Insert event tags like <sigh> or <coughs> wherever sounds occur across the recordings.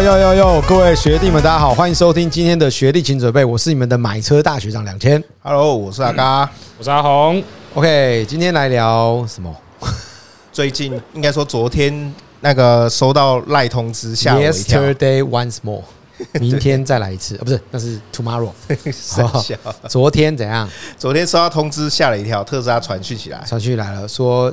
喲喲喲！各位學弟們，大家好，歡迎收聽今天的學弟，請準備，我是你們的買車大學長兩千。Hello，我是阿嘎， <coughs> 我是阿紅。OK，今天來聊什麼？最近應該說昨天那個收到賴通知，嚇了我一跳 <laughs> Yesterday once more，明天再來一次、 <laughs> 啊、不是，那是 tomorrow。 <laughs> 三小 <laughs> 昨天怎樣？昨天收到通知，嚇了一跳。特斯拉傳訊起來，傳訊來了，說。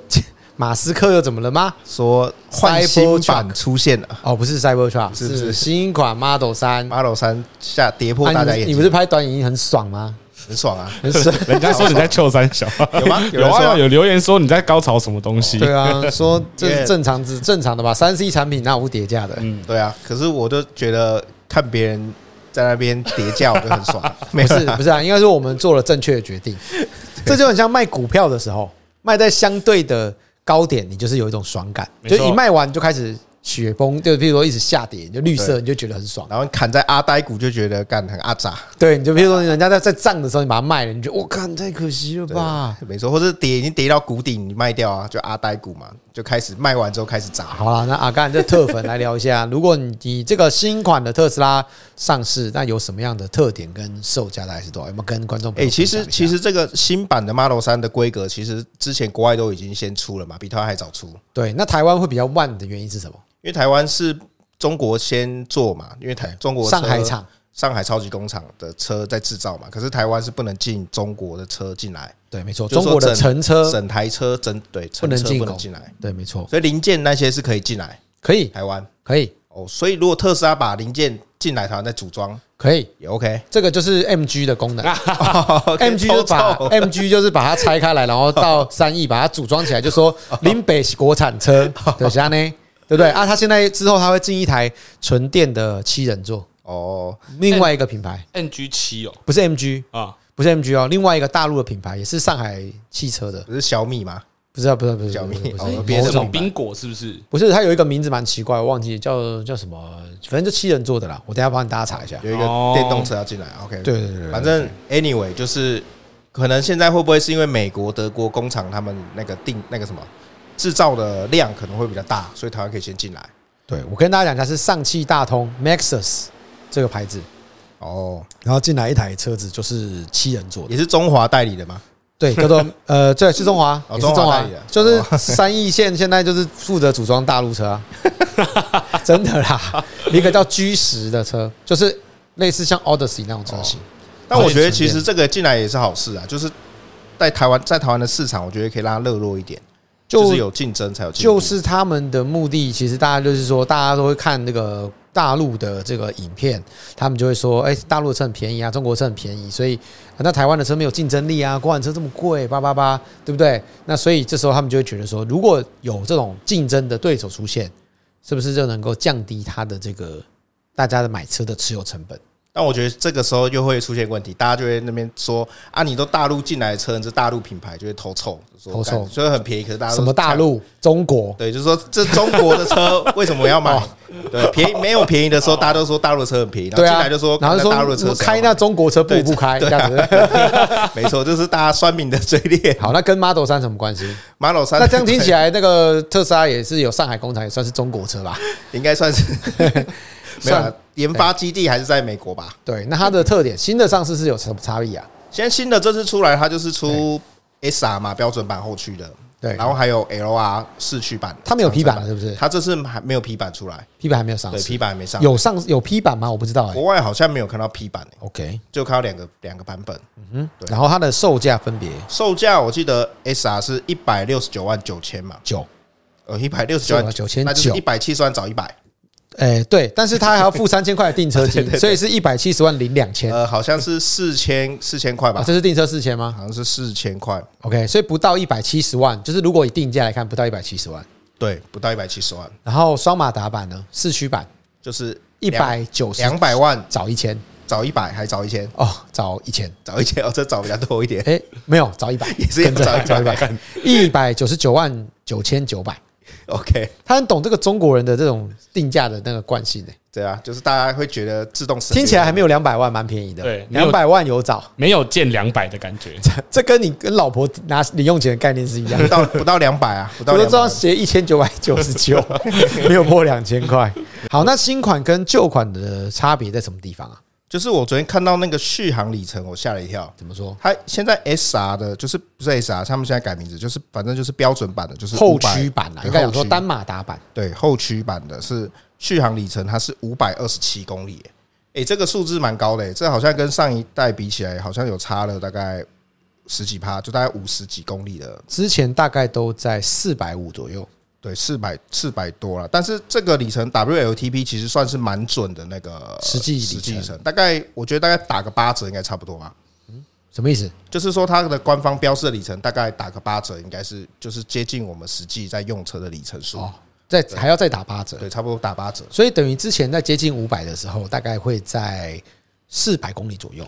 馬斯克又怎麼了嗎？說換新款出現了哦，不是 Cybertruck，是，是，是新款 Model 3，Model 3下跌破大家眼鏡，啊你。你不是拍短影很爽嗎？很爽啊，人家說你在臭三小， <laughs> 有嗎？有啊，有留言說你在高潮什麼東西、哦？對啊，說這是正常之正常的吧？三 C 產品哪有不跌價的？嗯，對啊。可是我都覺得看別人在那邊跌價我就很爽。 <laughs> 沒事，不是啊，應該說我們做了正確的決定。這就很像賣股票的時候，賣在相對的。高點，你就是有一種爽感，就一賣完就開始雪崩就譬如說一直下跌，就綠色你就覺得很爽。然後你砍在阿呆股就覺得幹很阿雜。對，你就譬如說人家在在漲的時候你把它賣了，你就我靠、哦、太可惜了吧。沒錯，或是跌已經跌到谷底，你賣掉啊，就阿呆股嘛，就開始賣完之後開始漲。好啦，那阿干這特粉來聊一下， <laughs> 如果你你這個新款的特斯拉上市，那有什麼樣的特點跟售價大概是多少？有沒有跟觀眾朋友？哎、欸，其實其實這個新版的 Model 3的規格，其實之前國外都已經先出了嘛，比台灣還早出。對，那台灣會比較慢的原因是什麼？因為台灣是中國先做嘛，因為台中國上海廠上海超級工廠的車在制造嘛，可是台灣是不能進中國的車進來，對，沒錯，中國的整車整台車整對車不能進不能進來，對，沒錯，所以零件那些是可以進來，可以台灣可以哦，所以如果特斯拉把零件進來，台灣再組裝，可以也 OK，這個就是 MG 的功能，MG 就把 MG 就是把它拆開來，然後到三義把它組裝起來，就說林北是國產車，對家呢。對不對啊？他現在之後他會進一台純電的七人座哦，另外一個品牌 MG 七哦，不是 MG 啊，不是 MG 哦，另外一個大陸的品牌也是上海汽車的，不是小米嗎？不知道，不，不是不是小米，是什麼冰果是不是？不是，它、哦、有一個名字蠻奇怪，我忘記叫叫什麼，反正就七人座的啦。我等一下幫你大家查一下，有一個電動車要進來、哦。OK，對對對，對，反正 anyway 就是可能現在會不會是因為美國、德國工廠他們那個定那個什麼？製造的量可能會比較大，所以台灣可以先進來。對，我跟大家講一下，是上汽大通 MAXUS 這個牌子。哦，然後進來一台車子就是七人座，呃，也是中華代理的嗎？對，叫做呃，對，是中華，也是中華，就是三義縣現在就是負責組裝大陸車，啊，真的啦，一個叫 G 十的車，就是類似像 Odyssey 那種車型。哦，但我覺得其實這個進來也是好事啊，就是在台灣在台灣的市場，我覺得可以讓熱絡一點。就，就是有競爭才有競爭。就是他們的目的，其實大家就是說，大家都會看那個大陸的這個影片，他們就會說，誒，大陸的車很便宜啊，中國的車很便宜，所以那台灣的車沒有競爭力啊，國產車這麼貴，八八八，對不對？那所以這時候他們就會覺得說，如果有這種競爭的對手出現，是不是就能夠降低他的這個大家的買車的持有成本？但我覺得這個時候又會出現問題，大家就會那邊說啊，你都大陸進來的車，你是大陸品牌，就會偷臭，偷臭，所以很便宜。可是大陸什麼大陸？中國對，就是說這中國的車為什麼要買？對，便宜沒有便宜的時候，大家都說大陸車很便宜，然後進來就說，就是說說陸然後說大陸的車開那中國車不不開這樣子，沒錯，就是大家酸民的嘴臉。好，那跟 Model 3什麼關係？Model 3那這樣聽起來，那個特斯拉也是有上海工廠，也算是中國車吧？應該算是，沒有。研發基地還是在美國吧？對，那它的特點，新的上市是有什麼差異啊？現在新的這次出來，它就是出 S R 嘛，標準版後驅的，對，然後還有 L R 四驅版。它沒有 P 版了，是不是？它這次還沒有 P 版出來，P 版還沒有上市，對，P 版還沒上，有上有 P 版嗎？我不知道、欸，國外好像沒有看到 P 版、欸。OK，就看到兩個兩個版本，嗯哼。對然後它的售價分別，售價我記得 S R 是一百六十九萬九千嘛？九，呃，一百六十九萬九千九，那就一百七十萬，找一百。哎、欸，對，但是他還要付三千塊的訂車金，所以是一百七十萬零兩千。呃，好像是四千四千塊吧？OK 嗯啊、這是訂車四千嗎？好像是四千塊。OK，所以不到一百七十萬，就是如果以定價來看，不到一百七十萬。對，不到一百七十萬。然後雙馬達版呢？四驅版就是一百九十兩百萬，找一千，找一百還找一千？哦，找一千，找一千。哦，這找比較多一點。哎，沒有找一百，也是早找一百，一百九十九萬九千九百。OK，他很懂這個中國人的這種定價的那個慣性欸。對啊，就是大家會覺得自動聽起來還沒有兩百萬，蠻便宜的。對，兩百萬有找，沒有見兩百的感覺。這這跟你跟老婆拿零用錢的概念是一樣，不到，不到兩百啊？不到兩百。這雙鞋一千九百九十九，沒有破兩千塊。好，那新款跟舊款的差別在什麼地方啊？就是我昨天看到那個續航里程，我嚇了一跳。怎麼說？它現在 SR 的，就是不是 SR，他們現在改名字，就是反正就是標準版的，就是就後驅版，應該說單馬達版，對後驅版的是續航里程，它是五百二十七公里。誒，這個數字蠻高的。欸，這好像跟上一代比起來，好像有差了大概十幾趴，就大概五十幾公里了。之前大概都在四百五左右。對，四百四百多了，但是這個里程 WLTP 其實算是蠻準的那個實際里程。實際里程，大概我覺得大概打個八折應該差不多吧。嗯，什麼意思？就是說它的官方標示的里程大概打個八折，應該是就是接近我們實際在用車的里程數。哦，再還要再打八折，對，差不多打八折。所以等於之前在接近五百的時候，大概會在四百公里左右。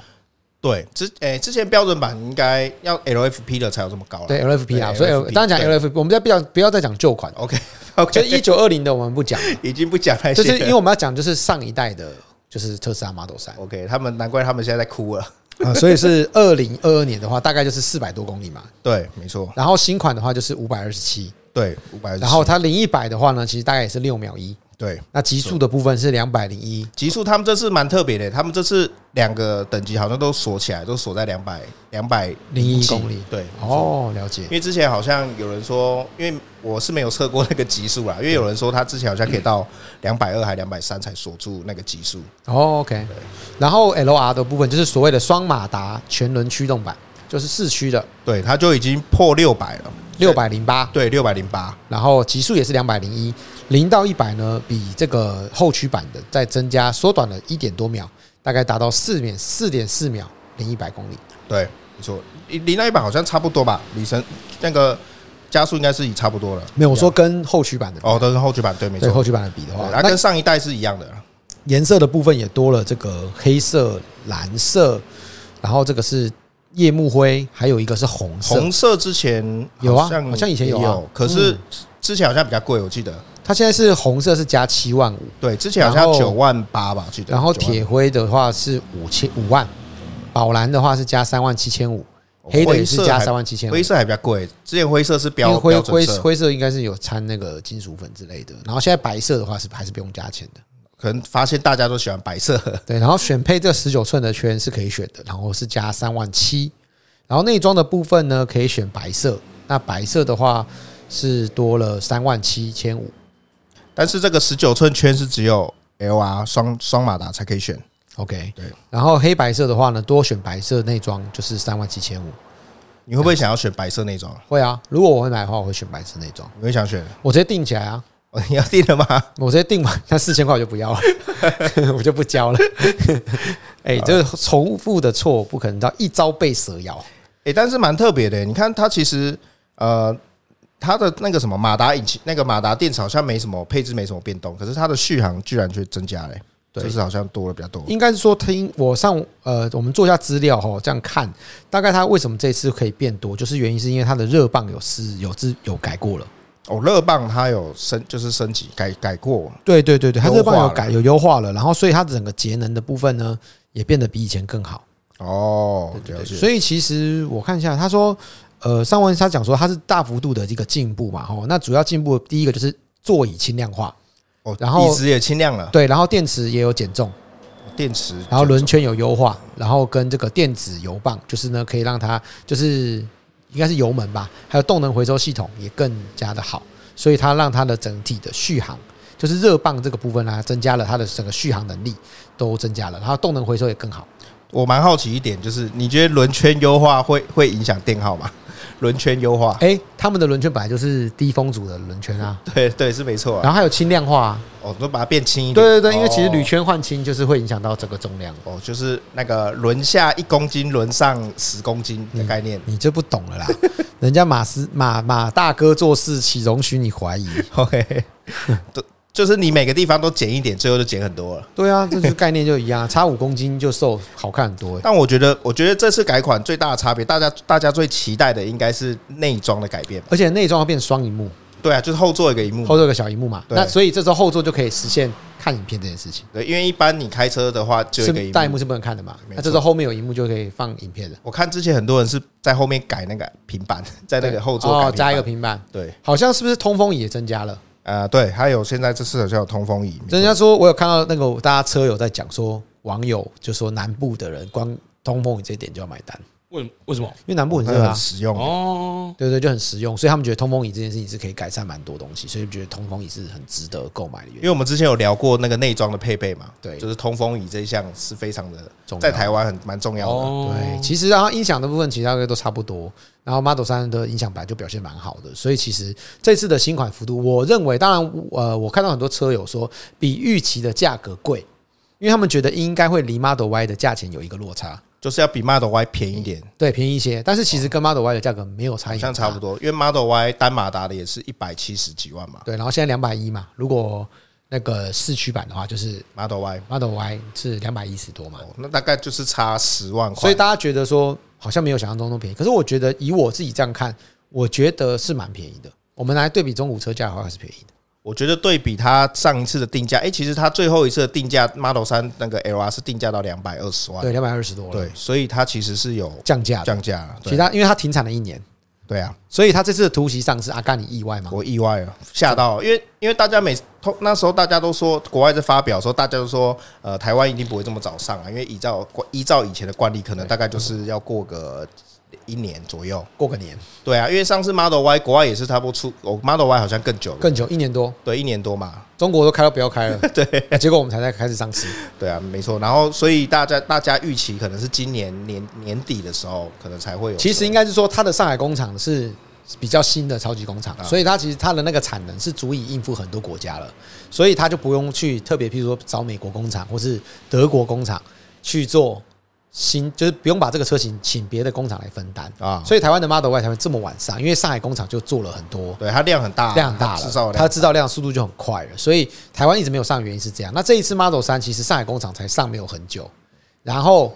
對，之誒，之前標準版應該要 LFP 的才有這麼高了、啊。對，LFP 啊，LFP, 所以當然講 LFP，我們再不要不要再講舊款。OK，OK，、okay, okay, 就一九二零的我們不講， <laughs> 已經不講了。就是因為我們要講就是上一代的，就是特斯拉 Model 三。OK，他們難怪他們現在在哭了。啊、嗯，所以是二零二二年的話，大概就是四百多公里嘛。 <laughs> 對，沒錯。然後新款的話就是五百二十七。對，五百二十七。然後它零一百的話呢，其實大概也是六秒一。對，那極速的部分是兩百零一。極速他們這次蠻特別的，他們這次兩個等級好像都鎖起來，都鎖在兩百兩百零一公里。對，哦，了解。因為之前好像有人說，因為我是沒有測過那個極速啦，因為有人說他之前好像可以到兩百二還兩百三才鎖住那個極速。哦，OK。然後 LR 的部分就是所謂的雙馬達全輪驅動版。就是四驅的，對，它就已經破六百了，六百零八，對，六百零八，然後極速也是兩百零一，零到一百呢，比這個後驅版的再增加，縮短了一點多秒，大概達到四秒四點四秒零一百公里，對，對，沒錯，零零到一百好像差不多吧，里程那個加速應該是差不多了，沒有說跟後驅版的哦，都是後驅版，對，沒錯，後驅版的比的話，然後跟上一代是一樣的，顏色的部分也多了這個黑色、藍色，然後這個是。夜幕灰，還有一個是紅色。紅色之前有啊，好像以前有有、嗯，可是之前好像比較貴，我記得它、嗯、現在是紅色是加七萬五。對，之前好像九萬八吧，記得。然後鐵灰的話是五千五萬，寶藍的話是加三萬七千五，黑色是加三萬七千五灰，灰色還比較貴。之前灰色是標灰色，灰色應該是有摻那個金屬粉之類的。然後現在白色的話是還是不用加錢的。可能發現大家都喜歡白色，對。然後選配這十九寸的圈是可以選的，然後是加三萬七，然後內裝的部分呢可以選白色，那白色的話是多了三萬七千五。但是這個十九寸圈是只有 L R 雙雙馬達才可以選，OK。對。然後黑白色的話呢，多選白色內裝就是三萬七千五。你會不會想要選白色內裝？會啊，如果我會買的話，我會選白色內裝。你會想選？我直接定起來啊。你要訂了嗎？我直接訂吧。那四千塊我就不要了 <laughs> <laughs> 我就不交了。哎，這重複的錯不可能到一朝被蛇咬、欸。誒但是蠻特別的、欸，你看它其實呃，它的那個什麼馬達引擎，那個馬達電池好像沒什麼配置沒什麼變動，可是它的續航居然卻增加了、欸，就是好像多了比較多。應該是說，聽我上呃，我們做一下資料哈、喔，這樣看大概它為什麼這次可以變多，就是原因是因為它的熱泵有是有質有改過了。哦，熱泵它有升，就是升級改改過，對對對對，它熱泵有改優有優化了，然後所以它整個節能的部分呢，也變得比以前更好哦。對，對，對，所以其實我看一下，他說，呃，上文它講說它是大幅度的這個進步嘛，齁，那主要進步的第一個就是座椅輕量化，哦，然後椅子也輕量了，對，然後電池也有減重，電池，然後輪圈有優化，然後跟這個電子油泵，就是呢可以讓它就是。應該是油門吧，還有動能回收系統也更加的好，所以它讓它的整體的續航，就是熱泵這個部分呢，增加了它的整個續航能力都增加了，然後動能回收也更好。我蠻好奇一點，就是你覺得輪圈優化會會影響電耗嗎？輪圈優化、欸，哎，他們的輪圈本來就是低風阻的輪圈啊，對對是沒錯，然後還有輕量化，哦，都把它變輕一點，對對，對因為其實鋁圈換輕就是會影響到這個重量哦，就是那個輪下一公斤，輪上十公斤的概念，你就不懂了啦，人家馬斯馬馬大哥做事豈容許你懷疑？OK <laughs> 就是你每個地方都減一點，最後就減很多了。對啊，這個概念就一樣。啊， <laughs> 差五公斤就瘦好看很多欸。但我覺得，我覺得這次改款最大的差別，大家大家最期待的應該是內裝的改變，而且內裝要變雙熒幕。對啊，就是後座一個熒幕，後座一個小熒幕嘛對。那所以這時候後座就可以實現看影片這件事情。對，因為一般你開車的話，就一個幕大幕是不能看的嘛。那這時候後面有熒幕,幕就可以放影片了。我看之前很多人是在後面改那個平板，在那個後座，哦，加一個平板。對，好像是不是通風也增加了？呃，對，還有現在這次好像有通風椅，人家說我有看到那個大家車友在講說，網友就說南部的人光通風椅這一點就要買單。為為什麼？因為南部很實用哦，對對，就很實用、欸，所以他們覺得通風椅這件事情是可以改善蠻多東西，所以覺得通風椅是很值得購買的。因為我們之前有聊過那個內裝的配備嘛，對，就是通風椅這一項是非常的，重在台灣很蠻重要的。對，其實然後音響的部分，其他都差不多。然後 Model 三的音響版就表現蠻好的，所以其實這次的新款幅度，我認為，當然，呃，我看到很多車友說比預期的價格貴，因為他們覺得應該會離 Model Y 的價錢有一個落差。就是要比 Model Y 便宜一點，對，便宜一些，但是其實跟 Model Y 的價格沒有差異，好像差不多，因為 Model Y 單馬達的也是一百七十幾萬嘛，對，然後現在兩百一嘛，如果那個四驅版的話，就是 Model Y，Model Y 是兩百一十多嘛，那大概就是差十萬塊，所以大家覺得說好像沒有想象中那麼便宜，可是我覺得以我自己這樣看，我覺得是蠻便宜的，我們來對比中古車價的話還是便宜的。我覺得對比它上一次的定價，哎，其實它最後一次的定價 Model 三那個 L R 是定價到兩百二十萬，對，對，兩百二十多萬，對，所以它其實是有降價，降價。其他，因為它停產了一年，對啊，所以它這次的突襲上市，阿嘎你意外嗎？我意外了，嚇到，因為因為大家每通那時候大家都說，國外在發表說，大家都說，呃，台灣一定不會這麼早上啊，因為依照依照以前的慣例，可能大概就是要過個。一年左右，過個年。對啊，因為上次 Model Y 國外也是差不多出，Model Y 好像更久了，更久，一年多。對，一年多嘛，中國都開都不要開了。 <laughs> 對、啊，結果我們才在開始上市。對啊，沒錯。然後，所以大家大家預期可能是今年年年底的時候，可能才會有。其實應該是說，它的上海工廠是比較新的超級工廠、嗯，所以它其實它的那個產能是足以應付很多國家了，所以它就不用去特別譬如說找美國工廠或是德國工廠去做。新就是不用把這個車型請別的工廠來分擔啊，所以台灣的 Model Y 才會這麼晚上，因為上海工廠就做了很多，對它量很大，量大了，它製造量的速度就很快了，所以台灣一直沒有上，原因是這樣。那這一次 Model 3其實上海工廠才上沒有很久，然後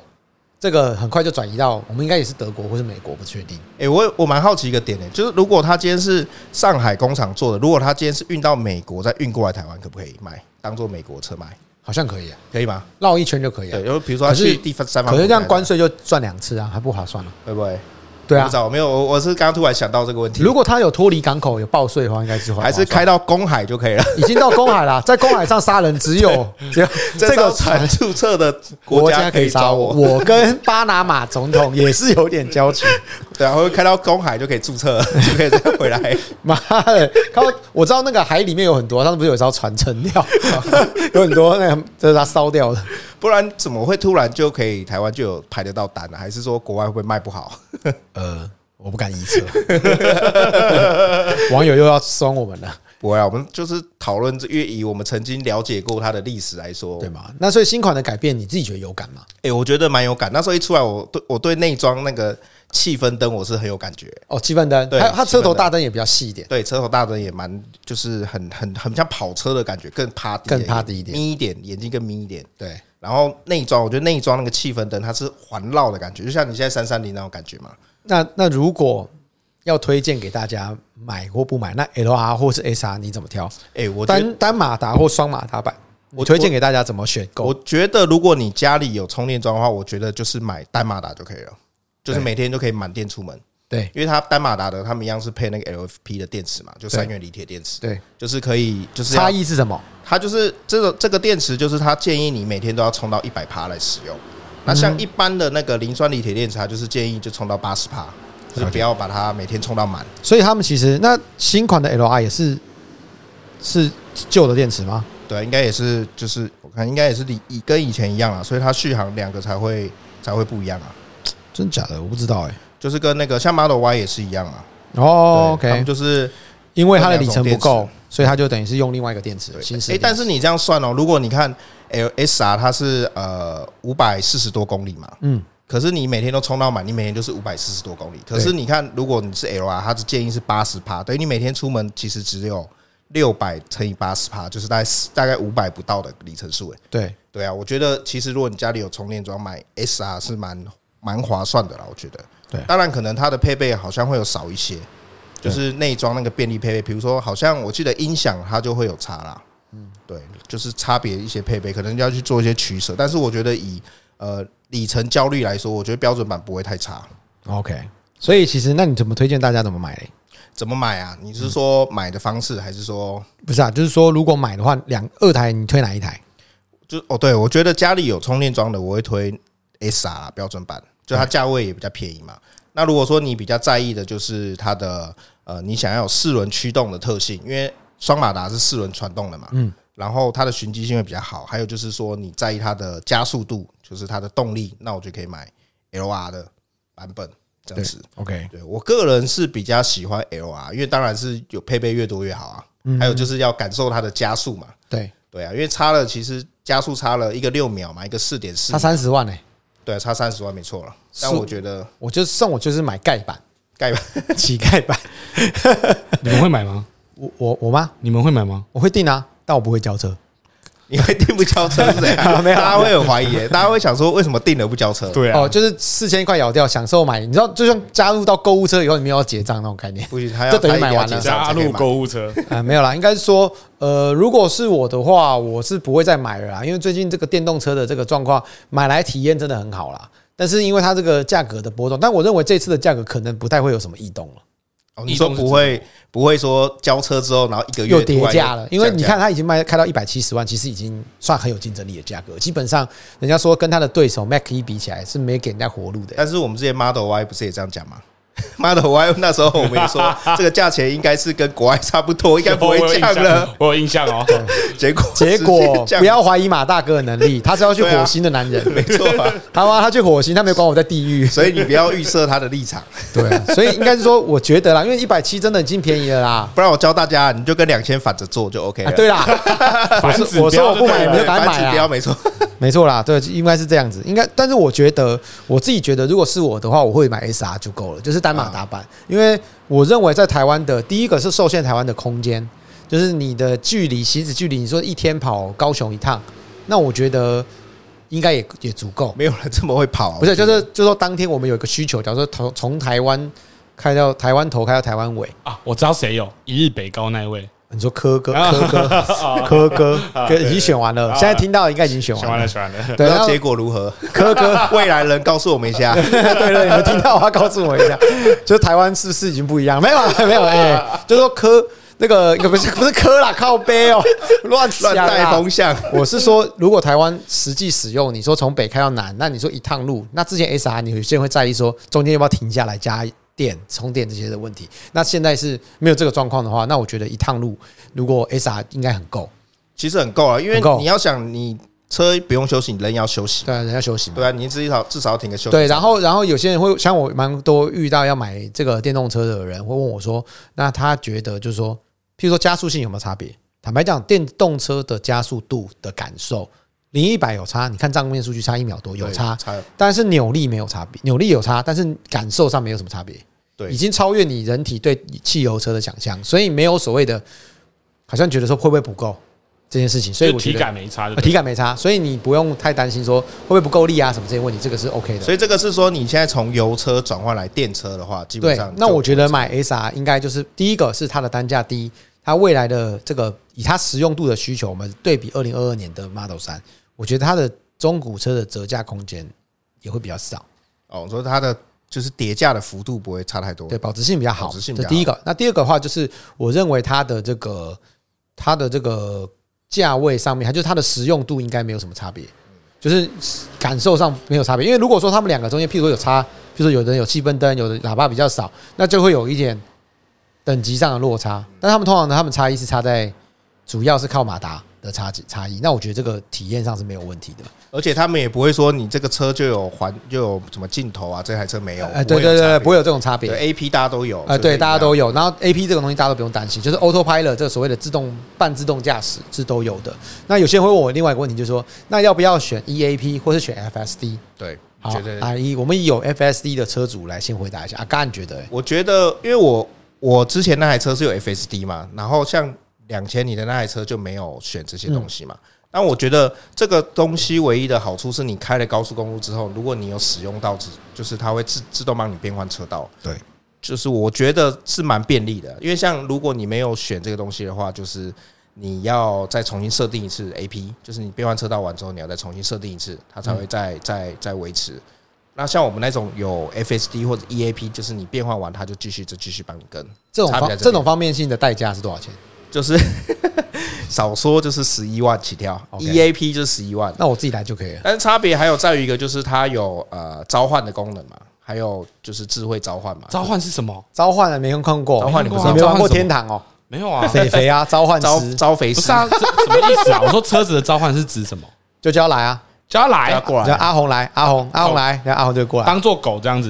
這個很快就轉移到我們應該也是德國或是美國，不確定。誒，我我蠻好奇一個點哎、欸，就是如果它今天是上海工廠做的，如果它今天是運到美國再運過來台灣，可不可以賣當做美國車賣？好像可以、啊，可以嗎？繞一圈就可以、啊。對，因為比如說他去第三方是，可能這樣關稅就賺兩次啊，還不划算呢、啊嗯，會不會？對啊，找沒有？我我是剛剛突然想到這個問題。如果他有脫離港口有報稅的話應該，應該是還是開到公海就可以了。已經到公海了， <laughs> 在公海上殺人只，只有、這個、 <laughs> 只有這個船註冊的國家可以殺我。我跟巴拿馬總統也是有點交情。 <laughs> <laughs> 對、啊，我會開到公海就可以註冊，就可以再回來。媽 <laughs> 的，他我知道那個海裡面有很多，上次不是有艘船沉掉，有很多那個就是他燒掉了，不然怎麼會突然就可以台灣就有排得到單了？還是說國外會不會賣不好？呃，我不敢預測。網友又要酸我們了，不會、啊，我們就是討論因為以我們曾經了解過它的歷史來說，對嗎？那所以新款的改變，你自己覺得有感嗎？誒、欸、我覺得蠻有感。那時候一出來我，我對我對內裝那個。氣氛燈我是很有感覺、欸、哦，氣氛燈對，它它車頭大燈也比較細一點，對，車頭大燈也蠻就是很很很像跑車的感覺，更趴更趴低一點，眯一點，眼睛更眯一點，對。然後內裝，我覺得內裝那個氣氛燈它是環繞的感覺，就像你現在三三零那種感覺嘛。那那如果要推薦給大家買或不買，那 L R 或是 S R 你怎麼挑？誒，我單單馬達或雙馬達版，我推薦給大家怎麼選購？我覺得如果你家裡有充電樁的話，我覺得就是買單馬達就可以了。就是每天都可以滿電出門，對，因為它單馬達的他們一樣是配那個 LFP 的電池嘛，就三元鋰鐵電池，對，就是可以，就是差異是什麼？它就是這個這個電池，就是它建議你每天都要充到一百趴來使用。那像一般的那個磷酸鋰鐵電池，它就是建議就充到八十趴，就是不要把它每天充到滿。所以他們其實那新款的 L R 也是是舊的電池嗎？對，應該也是，就是我看應該也是以跟以前一樣了，所以它續航兩個才會才會不一樣啊。真假的？我不知道哎、欸,就是跟那個像 Model Y 也是一樣啊。哦，OK，就是因為它的里程不夠，所以它就等於是用另外一個電池。哎，但是你這樣算哦，如果你看 LSR 它是呃五百四十多公里嘛，嗯，可是你每天都充到滿，你每天就是五百四十多公里。可是你看，如果你是 LR，它的建議是八十趴，等於你每天出門其實只有六百乘以八十趴，就是大概大概五百不到的里程數哎。對對啊，我覺得其實如果你家裡有充電樁，買 SR 是蠻。蠻划算的啦，我覺得。對，當然可能它的配備好像會有少一些，就是內裝那個便利配備，比如說好像我記得音響它就會有差啦。嗯，對，就是差別一些配備，可能要去做一些取舍。但是我覺得以呃里程焦慮來說，我覺得標準版不會太差，嗯。OK，所，所以其實那你怎麼推薦大家怎麼買嘞，嗯？怎麼買啊？你是說買的方式，還是說不是啊？就是說如果買的話，兩二台你推哪一台？就哦，喔，對我覺得家裡有充電樁的，我會推。S R 標準版，就它價位也比較便宜嘛。那如果說你比較在意的就是它的呃，你想要有四輪驅動的特性，因為雙馬達是四輪傳動的嘛。嗯。然後它的循跡性會比較好，還有就是說你在意它的加速度，就是它的動力，那我就可以買 L R 的版本這樣子。OK，對我個人是比較喜歡 L R，因為當然是有配備越多越好啊。嗯。還有就是要感受它的加速嘛。對對啊，因為差了其實加速差了一個六秒嘛，一個四點四。差三十萬呢。對，差三十萬沒錯了。但我覺得是我，我就送我就是買丐版，丐版乞丐版， <laughs> 你們會買嗎？ <laughs> 我我我嗎，你們會買嗎？我會訂啊，但我不會交車。你會訂不交車是這樣、啊、沒有，大家會有懷疑，大家會想說，為什麼訂了不交車？ <laughs> 對、啊、哦，就是四千塊咬掉享受買，你知道，就像加入到購物車以後，你沒有要結賬那種概念，不行，他要他要結賬，加入購物車啊，沒有啦，應該是說，呃，如果是我的話，我是不會再買了啦，因為最近這個電動車的這個狀況，買來體驗真的很好啦，但是因為它這個價格的波動，但我認為這次的價格可能不太會有什麼異動了。哦、你說不會不會說交車之後，然後一個月又跌價了，因為你看他已經賣開到一百七十萬，其實已經算很有競爭力的價格。基本上，人家說跟他的對手 Mach-E 比起來，是沒給人家活路的。但是我們之前 Model Y 不是也這樣講嗎？媽的，我還那時候我沒說這個價錢應該是跟國外差不多，應該不會降了我。我有印象哦。 <laughs> 結果結果不要懷疑馬大哥的能力，他是要去火星的男人，啊、沒錯、啊。他他去火星，他沒有管我在地獄。所以你不要預設他的立場。 <laughs> 對，所以應該是說，我覺得啦，因為一百七真的已經便宜了啦。不然我教大家，你就跟兩千反着做就 OK 了。啊、對啦， <laughs> 反着我，我說我不買，你就反着買啊，不要沒錯。沒錯啦，對，應該是這樣子。應該，但是我覺得，我自己覺得，如果是我的話，我會買 SR 就夠了，就是單馬達版。啊、因為我認為在台灣的第一個是受限台灣的空間，就是你的距離，行駛距離。你說一天跑高雄一趟，那我覺得應該也也足夠。沒有人這麼會跑，不是？就是就是說，當天我們有一個需求，假設從從台灣開到台灣頭，開到台灣尾啊，我知道誰有，一日北高那位。你說柯哥，柯哥，柯哥，啊哥啊，已經選完了。啊、現在聽到應該已經選完了。選完了，結果如何？柯哥，未來人告訴我們一下。 <laughs> 對，對對，你們聽到的話告訴我們一下。就台灣是不是已經不一樣？沒有，沒有，沒有。Okay 欸 okay、就是說柯，那個，可不是不是柯啦，靠北哦，喔，亂亂帶風向。我是說，如果台灣實際使用，你說從北開到南，那你說一趟路，那之前 SR 你有些人會在意說，中間要不要停下來加？電充電這些的問題，那現在是沒有這個狀況的話，那我覺得一趟路如果 SR 應該很夠，其實很夠啊，因為你要想，你車不用休息，人要休息，對啊，人要休息，對啊，你自己少至少要停個休息。對，然後然後有些人會像我蠻多遇到要買這個電動車的人會問我說，那他覺得就是說，譬如說加速性有沒有差別？坦白講，電動車的加速度的感受，零一百有差，你看賬面數據差一秒多，有差，差，但是扭力沒有差別，扭力有差，但是感受上沒有什麼差別。已經超越你人體對汽油車的想象，所以沒有所謂的，好像覺得說會不會不夠這件事情，所以我體感沒差，體感沒差，所以你不用太擔心說會不會不夠力啊什麼這些問題，這個是 OK 的。所以這個是說你現在從油車轉換來電車的話，基本上。那我覺得買 S R 應該就是第一個是它的單價低，它未來的這個以它實用度的需求，我們對比二零二二年的 Model 三，我覺得它的中古車的折價空間也會比較少。以較少哦，所以它的。就是跌價的幅度不會差太多，對，保值性比較好。這第一個，那第二個的話，就是我認為它的這個它的這個價位上面，它就是它的實用度應該沒有什麼差別，就是感受上沒有差別。因為如果說他們兩個中間，譬如說有差，譬如說有的有氣氛燈，有的喇叭比較少，那就會有一點等級上的落差。但他們通常呢，他們差異是差在主要是靠馬達。的差距差異，那我覺得這個體驗上是沒有問題的，而且他們也不會說你這個車就有環就有什麼鏡頭啊，這台車沒有。哎、呃，對對對，不會有，不會有這種差別。A P 大家都有、呃、對，對，對，大家都有。然後 A P 這個東西大家都不用擔心，就是 Autopilot 這個所謂的自動半自動駕駛是都有的。那有些人會問我另外一個問題，就是說那要不要選 E A P 或者選 F S D？對，好得阿一，我們以有 F S D 的車主來先回答一下。阿、啊、剛覺得、欸，我覺得因為我我之前那台車是有 F S D 嘛，然後像。兩千，你的那台車就沒有選這些東西嘛？但我覺得這個東西唯一的好處是你開了高速公路之後，如果你有使用到自，就是它會自自動幫你變換車道。對，就是我覺得是蠻便利的。因為像如果你沒有選這個東西的話，就是你要再重新設定一次 A P，就是你變換車道完之後，你要再重新設定一次，它才會再再再維持。那像我們那種有 F S D 或者 E A P，就是你變換完它就繼續就繼續幫你跟這種，這種方便性的代價是多少錢？就是少說就是十一萬起跳，OK，EAP 就是十一萬，那我自己來就可以了。但差別還有在於一個，就是它有呃召喚的功能嘛，還有就是智慧召喚嘛。召喚是什麼？召喚啊，沒用看過。召喚你們過、啊？沒看過天堂哦？沒有啊，肥肥啊，召喚師，召肥師，什麼意思啊？我說車子的召喚是指什麼？就叫他來啊，叫他來過來，叫阿紅來，阿紅，阿紅來，叫、喔、然後阿紅就過來，當做狗這樣子。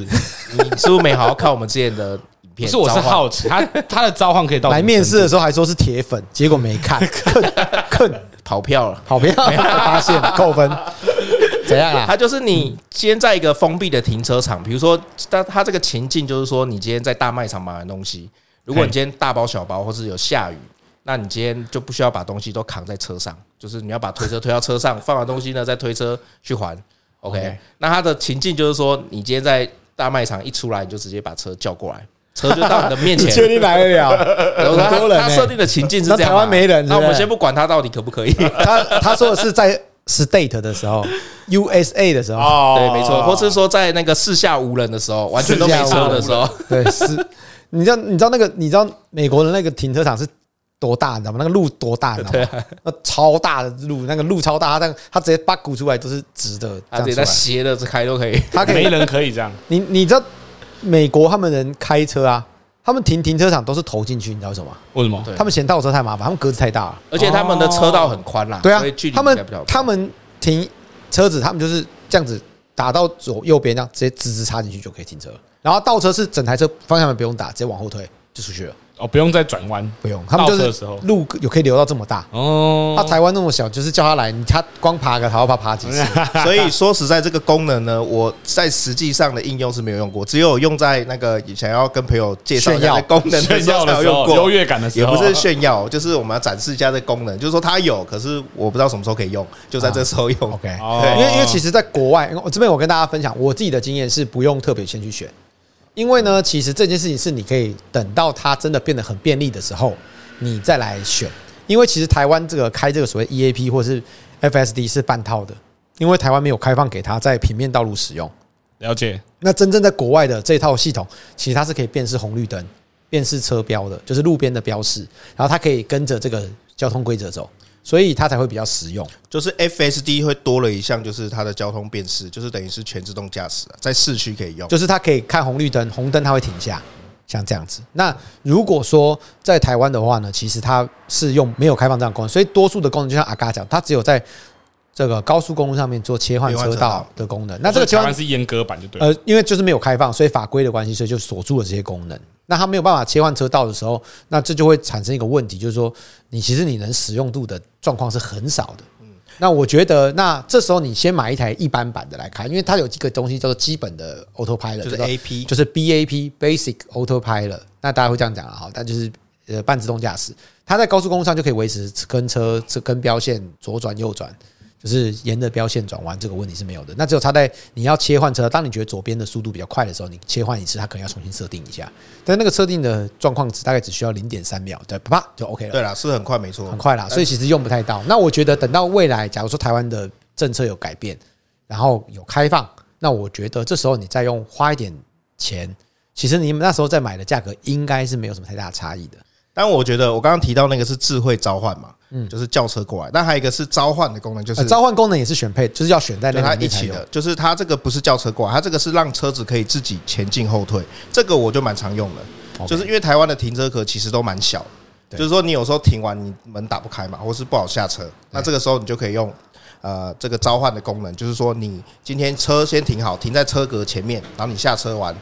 你是不是沒好好看我們之前的？不是，我是好奇， <laughs> 他他的召喚可以到來面試的時候還說是鐵粉，結果沒看，坑坑跑票了，跑票了沒發現了 <laughs> 扣分，怎樣啦，他就是你今天在一個封閉的停車場，比如說，他他這個情境就是說，你今天在大賣場買完東西，如果你今天大包小包，或是有下雨，那你今天就不需要把東西都扛在車上，就是你要把推車推到車上，放完東西呢再推車去還。OK。OK，那他的情境就是說，你今天在大賣場一出來，你就直接把車叫過來。車就到你的面前，你確定來得了？有很多人、欸？他設定的情境是這樣，那台灣沒人，那我們先不管他到底可不可以。他他說的是在 state 的時候，USA 的時候，哦、對，沒錯，或是說在那個四下無人的時候，完全都沒車的時候，對，是。你知道，你知道那個，你知道美國的那個停車場是多大，你知道嗎？那個路多大，你知道嗎？啊、那超大的路，那個路超大，但他直接 back 出來都是直的，而且他斜的開都可以，他以沒人可以這樣。你你知道？美國他們人開車啊，他們停停車場都是投進去，你知道為什麼？為什麼？他們嫌倒車太麻煩，他們格子太大了，而且他們的車道很寬啦。對啊，他們他們停車子，他們就是這樣子打到左右邊，這樣直接直直插進去就可以停車。然後倒車是整台車方向盤不用打，直接往後退就出去了。哦，不用再轉彎，不用。他們就是路有可以留到這麼大哦。他、啊、台灣那麼小，就是叫他來，你他光爬個台灣，怕爬，爬幾次。 <laughs> 所以說實在這個功能呢，我在實際上的應用是沒有用過，只有用在那個想要跟朋友介紹功能的時候才用過，炫耀的時候優越感的，時候也不是炫耀，就是我們要展示一下這功能，就是說它有，可是我不知道什麼時候可以用，就在這時候用。啊、OK、哦、因為因為其實在國外，我這邊我跟大家分享我自己的經驗是不用特別先去選。因為呢，其實這件事情是你可以等到它真的變得很便利的時候，你再來選。因為其實台灣這個開這個所謂 EAP 或是 FSD 是半套的，因為台灣沒有開放給它在平面道路使用。了解。那真正在國外的這套系統，其實它是可以辨識紅綠燈、辨識車標的，就是路邊的標識，然後它可以跟着這個交通規則走。所以它才會比較實用，就是 FSD 會多了一項，就是它的交通辨識，就是等於是全自動駕駛，在市區可以用，就是它可以看紅綠燈，紅燈它會停下，像這樣子。那如果說在台灣的話呢，其實它是用沒有開放這樣的功能，所以多數的功能就像阿嘎講，它只有在這個高速公路上面做切換車道的功能。那這個切換是閹割版就對，呃，因為就是沒有開放，所以法規的關係，所以就鎖住了這些功能。那它沒有辦法切換車道的時候，那這就會產生一個問題，就是說你其實你能使用度的狀況是很少的。嗯，那我覺得，那這時候你先買一台一般版的來開，因為它有幾個東西叫做基本的 autopilot，就是 AP，就是 BAP，basic autopilot。那大家會這樣講啊，它就是呃半自動駕駛，它在高速公路上就可以維持跟車、跟標線左轉、右轉。就是沿着標線轉彎這個問題是沒有的，那只有它在你要切換車，當你覺得左邊的速度比較快的時候，你切換一次，它可能要重新設定一下，但那個設定的狀況只大概只需要零點三秒，對，啪就 OK 了。對啦，是很快沒錯，很快啦，所以其實用不太到。那我覺得等到未來，假如說台灣的政策有改變，然後有開放，那我覺得這時候你再用花一點錢，其實你們那時候再買的價格應該是沒有什麼太大的差異的。但我覺得我剛剛提到那個是智慧召喚嘛。嗯，就是叫車過來，那還有一個是召喚的功能，就是召喚功能也是選配，就是要選在跟它一起的，就是它這個不是叫車過來，它這個是讓車子可以自己前進後退。這個我就蠻常用的，就是因為台灣的停車格其實都蠻小，就是說你有時候停完你門打不開嘛，或是不好下車，那這個時候你就可以用呃這個召喚的功能，就是說你今天車先停好，停在車格前面，然後你下車完，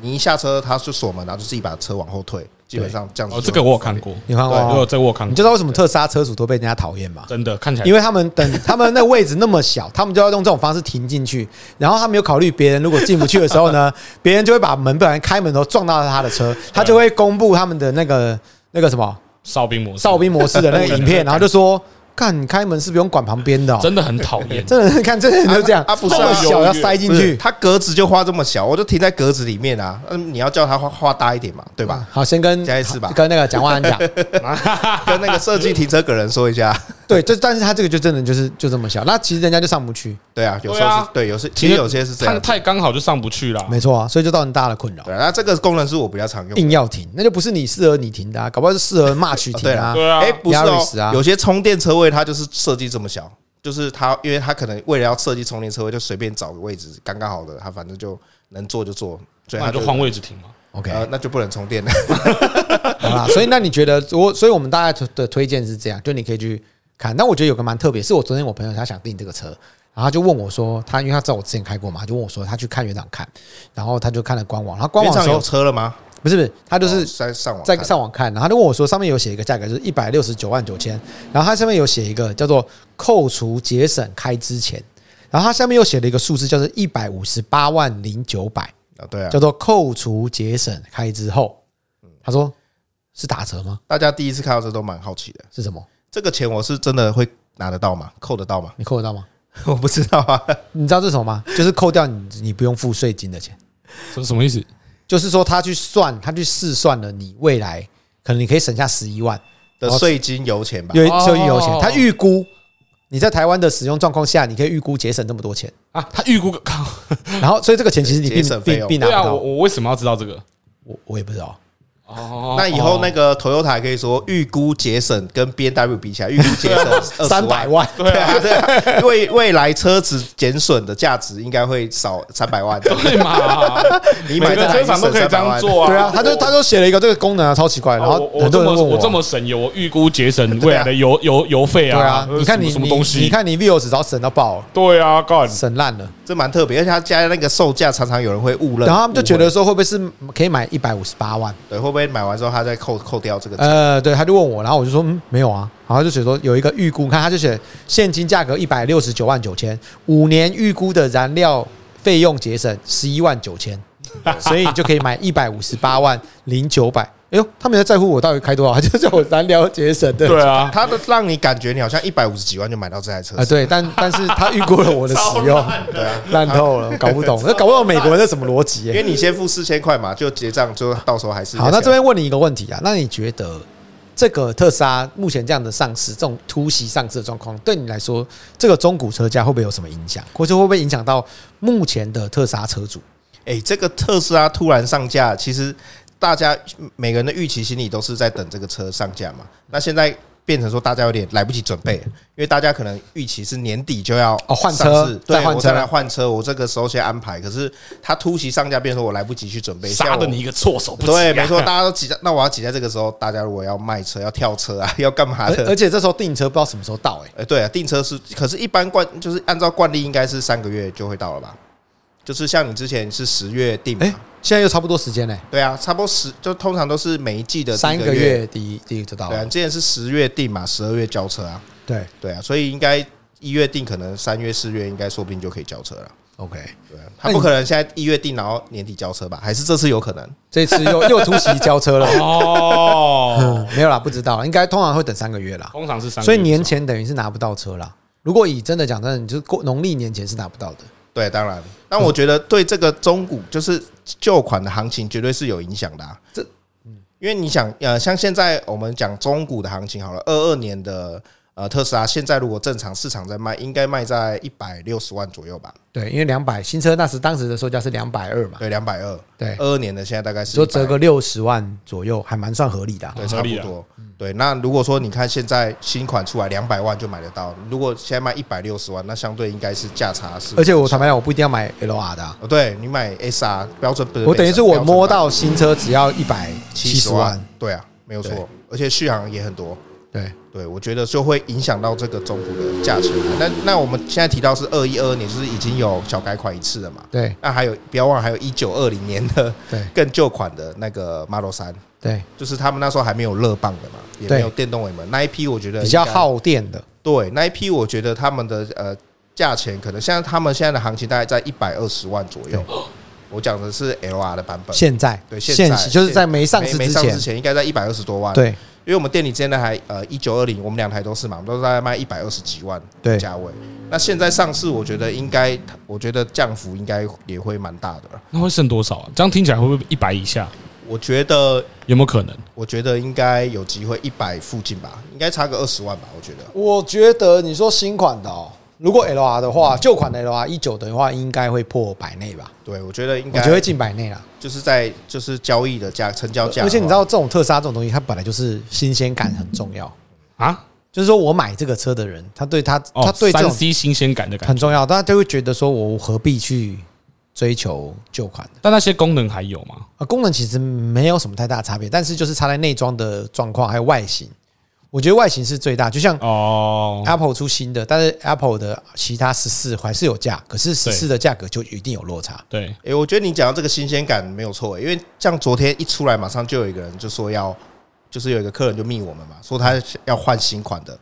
你一下車它就鎖門，然後就自己把車往後退。基本上這樣子，哦，這個我有看過，你看過，我有我看過。你知道為什麼特斯拉車主都被人家討厭嗎？真的看起來，因為他們等他們那位置，那麼小，他們就要用這種方式停進去，然後他沒有考慮別人如果進不去的時候呢，別人就會把門，本來開門都撞到他的車，他就會公布他們的那個那個什麼哨兵模式。哨兵模式的那個影片，然後就說。看你開門是不用管旁邊的、哦，真的很討厭。真的看這些、啊、就是這樣，啊，啊不算、啊、小的要塞進去、啊，它格子就畫這麼小，我就停在格子裡面啊。嗯，你要叫它畫大一點嘛，對吧？啊、好，先跟加一次吧，跟那個蔣萬安講， <laughs> 跟那個設計停車格的人說一下 <laughs> 。對，這但是他這個就真的就是就這麼小，那其實人家就上不去。對啊，有時候是對，有時其實有些是這樣的，他太太剛好就上不去了，沒錯啊，所以就造成大家的困擾、啊。那這個功能是我比較常用的，硬要停，那就不是你適合你停的啊，搞不好是適合 March 停的啊、欸。對啊，哎、欸，不是、哦 Yaris、啊，有些充電車位。為他就是設計這麼小，就是他，因為他可能為了要設計充電車位，就隨便找個位置剛剛好的，他反正就能坐就坐，所以他就換位置停嘛。OK，那就不能充電了、okay。電了。 <laughs> 所以那你覺得我，所以我們大家的推薦是這樣，就你可以去看。那我覺得有個蠻特別，是我昨天我朋友他想訂這個車，然後他就問我說，他因為他知道我之前開過嘛，就問我說他去看原廠看，然後他就看了官網，他官網上有車了嗎？不是不是，他就是在上網，在上網看，然後他就問我說：“上面有寫一個價格，就是一百六十九萬九千，然後他上面有寫一個叫做扣除節省開支前，然後他下面又寫了一個數字，叫做一百五十八萬零九百啊，對啊，叫做扣除節省開支後。”他說：“是打折嗎？大家第一次看到這都蠻好奇的，是什麼？這個錢我是真的會拿得到嗎？扣得到嗎？你扣得到嗎？我不知道啊， <laughs> 你知道這是什麼嗎？就是扣掉你你不用付稅金的錢，什麼什麼意思？”就是說，他去算，他去試算了，你未來可能你可以省下十一萬的稅金油錢吧，對，稅金油錢，他預估你在台灣的使用狀況下，你可以預估節省那麼多錢啊？他預估，然後所以這個錢其實你並並並必知拿我我為什麼要知道這個？我我也不知道。Oh, 那以後那個 Toyota 可以說預估節省跟 BMW 比起來預估節省三百萬，對啊，對、啊，因為未來車子減損的價值應該會少三百萬，對嗎你買每個車廠都可以這樣做啊，對啊，他就他就寫了一個這個功能啊，超奇怪，然後我這麼我這麼省油，我預估節省未來的油油油費啊，對啊你你你你，你看你什麼東西，你看你 Vios 只要省到爆，對啊，省爛了，這蠻特別，而且他家那個售價常常有人會誤認，然後他們就覺得說會不會是可以買一百五十八萬，對後。買完之後，他再扣扣掉這個錢。呃，對，他就問我，然後我就說，嗯，沒有啊。然後他就寫說有一個預估，看他就寫現金價格一百六十九萬九千，五年預估的燃料費用節省十一萬九千， <laughs> 所以你就可以買一百五十八萬零九百。哎、欸、呦，他們在在乎我到底開多少， <laughs> 就是我燃料節省。對啊，他的讓你感覺你好像一百五十幾萬就買到這台車啊，啊。對，但但是他預估了我的使用，對啊，爛透了，搞不懂，那搞不懂美國人是什麼邏輯？因為你先付四千塊嘛，就結賬，就到時候還是。好，那這邊問你一個問題啊，那你覺得這個特斯拉目前這樣的上市，這種突襲上市的狀況，對你來說，這個中古車價會不會有什麼影響？或者會不會影響到目前的特斯拉車主？哎、欸，這個特斯拉突然上架，其實。大家每個人的預期心理都是在等這個車上架嘛？那現在變成說大家有點來不及準備，因為大家可能預期是年底就要換車，對，我再來換車，我這個時候先安排。可是他突襲上架，變成說我來不及去準備，殺了你一個措手不及。對，沒錯，大家都擠在，那我要擠在這個時候，大家如果要賣車、要跳車啊，要幹嘛的。而且這時候訂車不知道什麼時候到，哎，哎，對啊，訂車是，可是一般慣就是按照慣例應該是三個月就會到了吧？就是像你之前你是十月訂，嘛，現在又差不多時間呢。對啊，差不多十，就通常都是每一季的三個月，第一第一個到。對、啊，之前是十月定嘛，十二月交車啊。對對啊，所以應該一月定，可能三月四月應該說不定就可以交車了。OK，對、啊，他不可能現在一月定，然後年底交車吧？還是這次有可能？這次又又突襲交車了？哦，沒有啦，不知道應該通常會等三個月啦。通常是三。所以年前等於是拿不到車啦。如果以真的講真的，就是過農曆年前是拿不到的。對，當然，但我覺得對這個中古就是舊款的行情絕對是有影響的啊，這，因為你想，呃，像現在我們講中古的行情好了，二二年的。呃，特斯拉現在如果正常市場在賣，應該賣在一百六十萬左右吧？對，因為兩百新車，那時當時的售價是兩百二嘛？對，兩百二。對，二二年的現在大概是就折個六十萬左右，還蠻算合理的，啊。對，差不多，啊。對，那如果說你看現在新款出來兩百萬就買得到，如果現在賣一百六十萬，那相對應該是價差是。而且我坦白講，我不一定要買 L R 的，啊。哦，對，你買 S R 標準，我等於是我摸到新車只要一百七十萬。對啊，沒有錯，而且續航也很多。對對，我覺得就會影響到這個中古的價錢。那那我們現在提到是二一二年，就是已經有小改款一次了嘛？對。那還有不要忘了，還有一九二零年的，對更舊款的那個 Model 3，對，就是他們那時候還沒有熱泵的嘛，也沒有電動尾門。那一批我覺得比較耗電的。對，那一批我覺得他們的呃價錢可能像他們現在的行情大概在一百二十萬左右。我講的是 LR 的版本。現在對，現在就是在沒上市沒上市之前，之前應該在一百二十多萬。對。因為我們店裡之前那台，呃，一九二零，我們兩台都是嘛，我們都是在賣一百二十幾萬的價位。對。那現在上市，我覺得應該，我覺得降幅應該也會蠻大的。那會剩多少啊？這樣聽起來會不會一百以下？我覺得有沒有可能？我覺得應該有機會一百附近吧，應該差個二十萬吧，我覺得。我覺得你說新款的哦。如果 L R 的話，舊款的 L R 一九的話，應該會破百內吧？對，我覺得應該，我覺得會近百內啦，就是在就是交易的價，成交價。而且你知道，這種特斯拉這種東西，它本來就是新鮮感很重要啊。就是說我買這個車的人，他對他，他對這種 C 新鮮感的感覺很重要，大家就會覺得說我何必去追求舊款的？但那些功能還有嗎？啊，功能其實沒有什麼太大差別，但是就是差在內裝的狀況還有外形。我覺得外形，是最大，就像 Apple 出新的，但是 Apple 的其他十四還是有價，可是十四的價格就一定有落差。對，對，誒、欸、我覺得你講到這個新鮮感沒有錯、欸，因為像昨天一出來，馬上就有一個人就說要，就是有一個客人就密我們嘛，說他要換新款的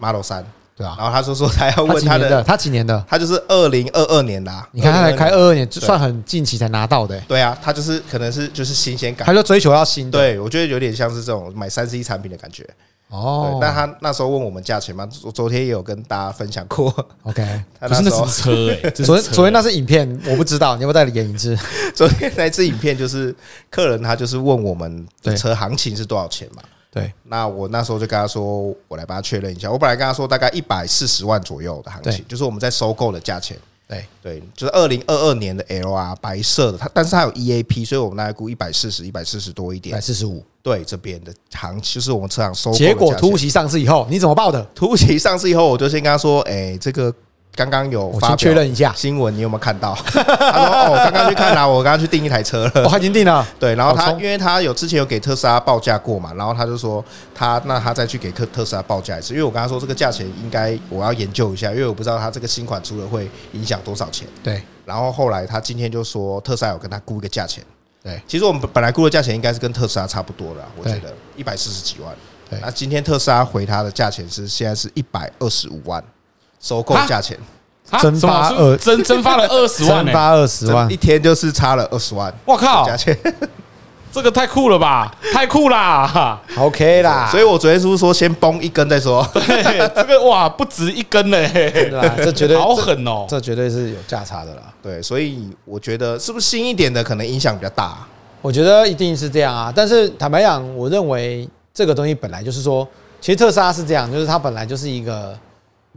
Model 三，對啊，然後他說說他要問他的，他幾年的？他就是二零二二年的，你看他才開二二年，算很近期才拿到的。對啊，他就是可能是就是新鮮感，他就追求要新的。對，我覺得有點像是這種買三 C 產品的感覺。哦、oh，但他那時候問我們價錢嘛，昨昨天也有跟大家分享過。OK，不是那是車誒、欸，車昨天昨天那支影片，我不知道你要不要戴眼鏡。昨天那支影片就是客人他就是問我們的車行情是多少錢嘛？對，那我那時候就跟他說，我來幫他確認一下。我本來跟他說大概一百四十萬左右的行情，就是我們在收購的價錢。對對，就是二零二二年的 L R 白色的，它但是它有 E A P，所以我們大概估一百四十一百四十多一點，一百四十五。對，這邊的行，就是我們車行收。結果突襲上市以後，你怎麼報的？突襲上市以後，我就先跟他說，哎，這個。剛剛有確認一下新聞，你有沒有看到？他說：“哦，我剛剛去看啦，啊，我剛剛去訂一台車了。”我已經訂了。對，然後他因為他有之前有給特斯拉報價過嘛，然後他就說他那他再去給特特斯拉報價一次，因為我跟他說這個價錢應該我要研究一下，因為我不知道他這個新款出了會影響多少錢。對。然後後來他今天就說特斯拉有跟他估一個價錢。對，其實我們本來估的價錢應該是跟特斯拉差不多的，我覺得一百四十幾萬。對，那今天特斯拉回他的價錢是現在是一百二十五萬。收購價錢，蒸发二，蒸蒸發了二十萬，蒸二十萬，一天就是差了二十萬。我靠，價錢，這個太酷了吧，太酷了啦， <laughs> 太酷了啦，OK 啦。所以我昨天是不是說先崩一根再說？這個哇，不止一根嘞、欸，這絕對好狠哦，這絕對是有價差的啦！對，所以我覺得是不是新一點的可能影響比較大？我覺得一定是這樣啊。但是坦白講，我認為這個東西本來就是說，其實特斯拉是這樣，就是它本來就是一個。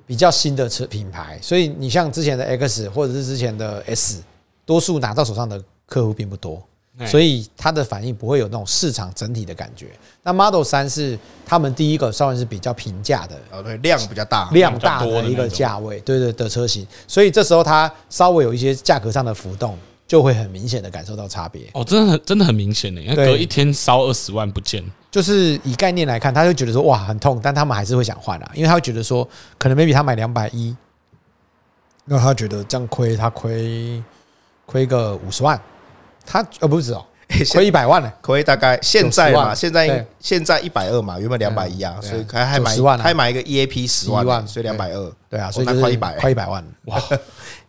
比較新的車品牌，所以你像之前的 X 或者是之前的 S，多數拿到手上的客戶並不多，所以它的反應不會有那種市場整體的感覺。那 Model 三是他們第一個，稍微是比較平價的，對，量比較大，量大的一個價位，對對的車型，所以這時候它稍微有一些價格上的浮動。就會很明顯的感受到差別哦，真的很真的很明顯呢。隔一天燒二十萬不見，就是以概念來看，他就覺得說哇很痛，但他們還是會想換的、啊，因為他會覺得說可能 maybe 他買兩百一，那他覺得這樣虧他虧虧個五十萬，他呃不止哦，虧一百萬呢、欸，虧大概現在嘛，現在現在一百二嘛，原本兩百一啊，所以還還買萬、啊、還買一個 EAP 十萬、欸，所以兩百二，對啊，所以就是快一百快一百萬哇，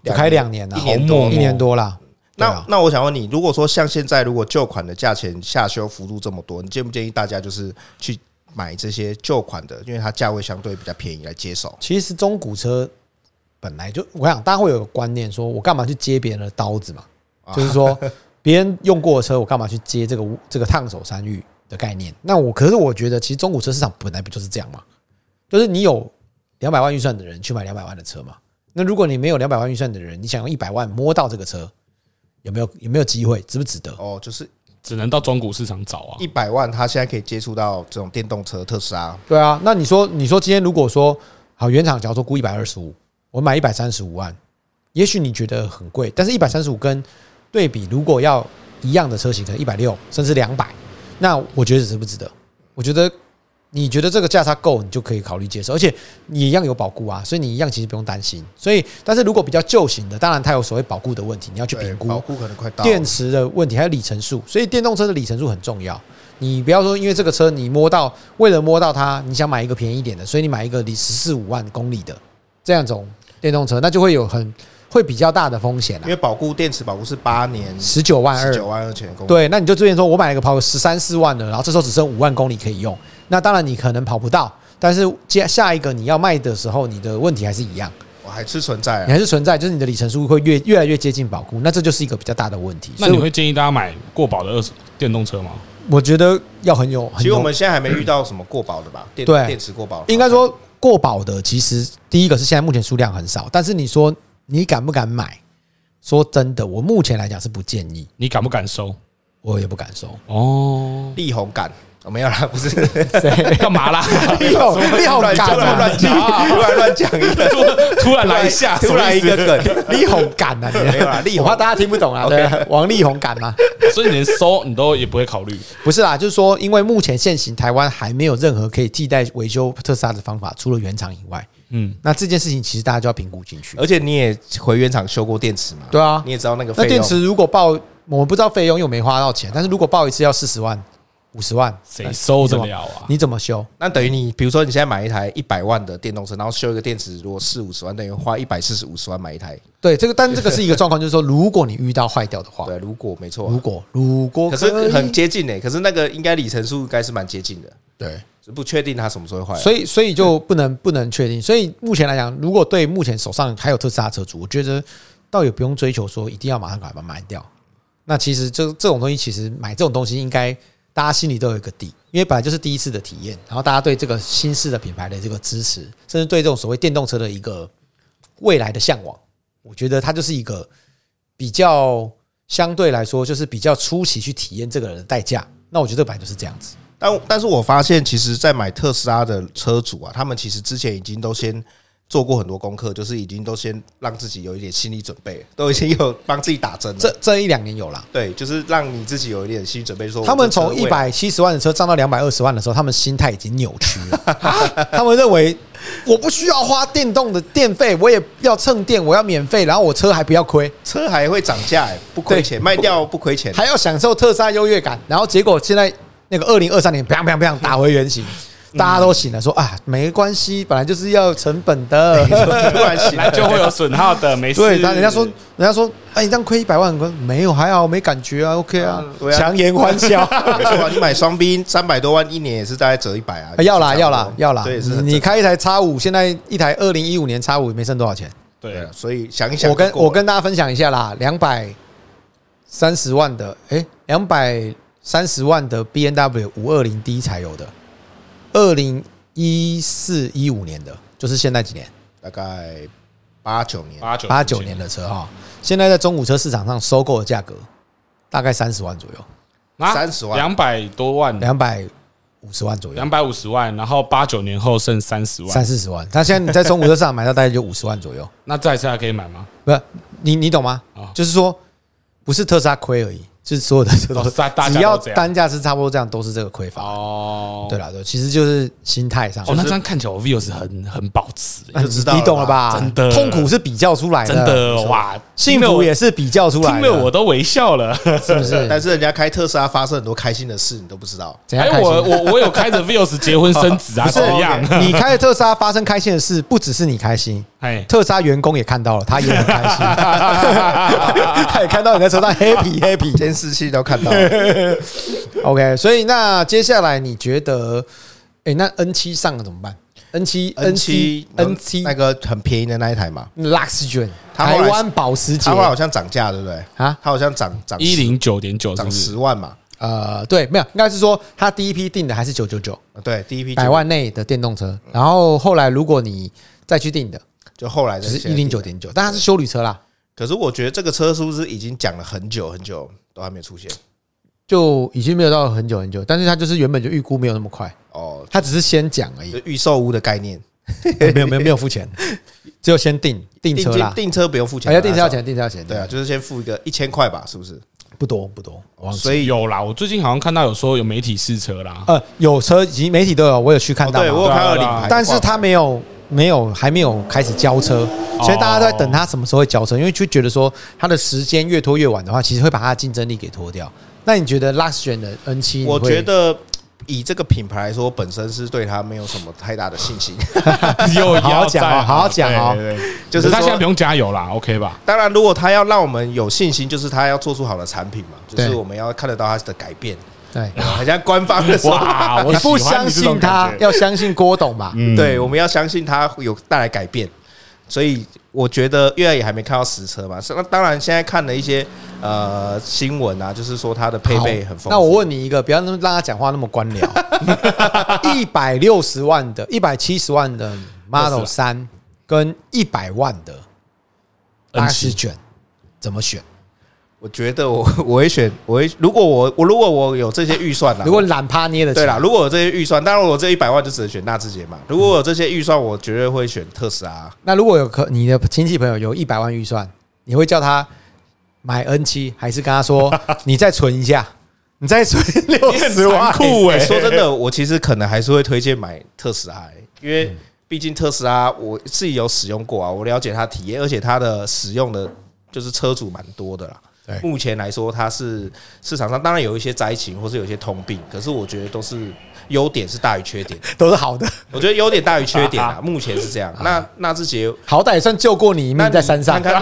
開兩年了，一年多一年多了。那那我想問你，如果說像現在，如果舊款的價錢下修幅度這麼多，你建不建議大家就是去買這些舊款的，因為它價位相對比較便宜來接手？其實中古車本來就，我想大家會有個觀念，說我幹嘛去接別人的刀子嘛？就是說別人用過的車，我幹嘛去接這個這個燙手山芋的概念？那我可是我覺得，其實中古車市場本來不就是這樣嘛？就是你有兩百萬預算的人去買兩百萬的車嘛？那如果你沒有兩百萬預算的人，你想用一百萬摸到這個車？有沒有有沒有機會？值不值得？哦，就是只能到中古市場找啊！一百萬，他現在可以接觸到這種電動車，特斯拉。對啊，那你說，你說今天如果說好，原廠假如說估一百二十五，我買一百三十五萬，也許你覺得很貴，但是一百三十五跟對比，如果要一樣的車型，可能一百六甚至兩百，那我覺得值不值得？我覺得。你覺得這個價差夠，你就可以考慮接受，而且你一樣有保固啊，所以你一樣其實不用擔心。所以，但是如果比較舊型的，當然它有所謂保固的問題，你要去評估保固可能快到電池的問題，還有里程數。所以，電動車的里程數很重要。你不要說因為這個車你摸到，為了摸到它，你想買一個便宜一點的，所以你買一個離十四五萬公里的這樣一種電動車，那就會有很會比較大的風險了。因為保固電池保固是八年，十九萬二十九萬二千公里。對，那你就之前說我買一個跑十三四萬的，然後這時候只剩五萬公里可以用。那當然，你可能跑不到，但是接下一個你要賣的時候，你的問題還是一樣，我還是存在，你還是存在，就是你的里程數會越越來越接近保固，那這就是一個比較大的問題。那你會建議大家買過保的二手電動車嗎？我覺得要很有，其實我們現在還沒遇到什麼過保的吧？對，電池過保，應該說過保的，其實第一個是現在目前數量很少，但是你說你敢不敢買？說真的，我目前來講是不建議。你敢不敢收？我也不敢收。哦，力宏敢。哦、沒有啦，不是幹 <laughs> 幹嘛啦？李立宏亂講，亂講，突然亂講一個，突然來一下，突然一個梗，立宏感啊？你沒有李，我怕啊，大家聽不懂啊。 <laughs> Okay，對、啊，王力宏敢嗎？所以你搜你都也不會考慮， <laughs> 不，不是啦，就是說，因為目前現行台灣還沒有任何可以替代維修特斯拉的方法，除了原廠以外，嗯，那這件事情其實大家就要評估進去，而且你也回原廠修過電池嘛，對啊，你也知道那個費用那電池如果報，我不知道費用又沒花到錢、啊，但是如果報一次要四十萬。五十萬誰收得了啊？你怎麼修？那等於你，比如說你現在買一台一百萬的電動車，然後修一個電池，如果四五十萬，等於花一百四十五十萬買一台。對，這個但這個是一個狀況，就是說如果你遇到壞掉的話，對，如果沒錯，如果如果可是很接近呢、欸？可是那個應該里程數應該是蠻接近的，對，不確定它什麼時候會壞、啊，所以所以就不能不能確定。所以目前來講，如果對目前手上還有特斯拉車主，我覺得倒也不用追求說一定要馬上趕快把它賣掉。那其實這這種東西，其實買這種東西應該。大家心裡都有一個底，因為本來就是第一次的體驗，然後大家對這個新式的品牌的這個支持，甚至對這種所謂電動車的一個未來的向往，我覺得它就是一個比較相對來說就是比較初期去體驗這個人的代價。那我覺得本來就是這樣子。但但是我發現，其實在買特斯拉的車主啊，他們其實之前已經都先。做過很多功課，就是已經都先讓自己有一點心理準備，都已經有幫自己打針了。嗯、這這一兩年有了，對，就是讓你自己有一點心理準備。說他們從一百七十萬的車漲到兩百二十萬的時候，他們心態已經扭曲了。他們認為我不需要花電動的電費，我也要蹭電，我要免費，然後我車還不要虧，車還會漲價，誒，不虧錢，賣掉不虧錢，還要享受特斯拉優越感。然後結果現在那個二零二三年，啪啪啪打回原形。嗯、大家都醒了說，說啊，沒關係，本來就是要成本的，沒關係，本來就會有損耗的，沒事。對，人家說，人家說，哎、欸，你這樣虧一百萬，沒有，還好，沒感覺啊，OK 啊，強、嗯、顏、啊、歡笑。沒錯、啊，你買雙賓三百多萬，一年也是大概折一百啊，要啦，要啦，要啦。對，你開一台叉五，現在一台二零一五年叉五也沒剩多少錢。對，對所以想一想，我跟我跟大家分享一下啦，兩百三十萬的，哎、欸，兩百三十萬的 B M W 五二零 D 才有的。二零一四一五年的，就是現在幾年？大概八九年，八九八九年的車哈。現在在中古車市場上收購的價格大概三十萬左右，三十萬兩百多萬，兩百五十萬左右，兩百五十萬。然後八九年後剩三十萬，三四十萬。他現在你在中古車市場上買到大概就五十萬左右。那再還可以買嗎？不是，你你懂嗎？就是說，不是特斯拉虧而已。是所有的車都是，只要單價是差不多這樣，都是這個虧法。哦，對啦，對，其實就是心態上。哦，那張看起來我 Vios 很很保值，就知道你懂了吧？真的，痛苦是比較出來的，真的哇，幸福也是比較出來的，因為我都微笑了，是不是？但是人家開特斯拉發生很多開心的事，你都不知道。哎、欸，我我我有開着 Vios 結婚生子啊， <laughs> 不是一樣？Okay, <laughs> 你開特斯拉發生開心的事，不只是你開心，哎，特斯拉員工也看到了，他也很開心， <laughs> <laughs> 他也看到你在車上 happy happy，真生。 <laughs> 先四期都看到了 <laughs> ，OK，所以那接下來你覺得，哎、欸，那 N 七上了怎麼辦？N 七 N 七 N 七那個很便宜的那一台嘛 Luxgen 台灣保時捷，台灣好像漲價，對不對啊？它好像漲漲一零九點九，漲十 10, 萬嘛？呃，對，沒有，應該是說它第一批訂的還是九九九，對，第一批百萬內的電動車，然後後來如果你再去訂的，就後來、就是、是的但是一零九點九，是休旅車啦。可是我覺得這個車是不是已經講了很久很久？都還沒有出現，就已經沒有到很久很久，但是他就是原本就預估沒有那麼快哦，他只是先講而已，預售屋的概念，沒有沒有沒有付錢，只有先訂訂車啦，哎，訂車不用付錢，還要訂車要錢，訂車要錢，對啊，就是先付一個一千塊吧，是不是？不多不多，所以有啦，我最近好像看到有說有媒體試車啦，呃，有車以及媒體都有，我有去看到，對，我有看到領牌，但是他沒有。沒有，還沒有開始交車，所以大家在等它什麼時候會交車，因為就覺得說它的時間越拖越晚的話，其實會把它的競爭力給拖掉。那你覺得 Luxgen 的 N7？我覺得以這個品牌來說，本身是對它沒有什麼太大的信心。有好講，好好講哦，就是它現在不用加油啦 OK 吧？當然，如果它要讓我們有信心，就是它要做出好的產品嘛，就是我們要看得到它的改變。對、啊，好像官方的說法，我不相信他，要相信郭董嘛、嗯。對，我們要相信他會有帶來改變。所以我覺得，越野還沒看到實車嘛。那當然，現在看了一些呃新聞啊，就是說它的配備很豐富。那我問你一個，不要那麼讓他講話那麼官僚。一百六十萬的、一百七十萬的 Model 3跟一百萬的大師卷，怎麼選？我覺得我我會選，我會如果我我如果我有這些預算，如果懶趴捏的對啦，如果有這些預算，當然我這一百萬就只能選納智捷嘛。如果我這些預算，我絕對會選特斯拉。那如果有可你的親戚朋友有一百萬預算，你會叫他買 N7，還是跟他說你再存一下，你再存六十萬？酷哎，說真的，我其實可能還是會推薦買特斯拉，欸，因為畢竟特斯拉我自己有使用過啊，我了解它體驗，而且它的使用的就是車主蠻多的啦。對，目前來說，它是市場上當然有一些災情，或是有一些通病，可是我覺得都是優點是大於缺點，都是好的。我覺得優點大於缺點啊， <laughs> 目前是這樣。 <laughs> 那納智捷好歹也算救過你一命，在山上。那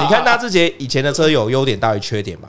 你看納智捷以前的車有優點大於缺點嗎？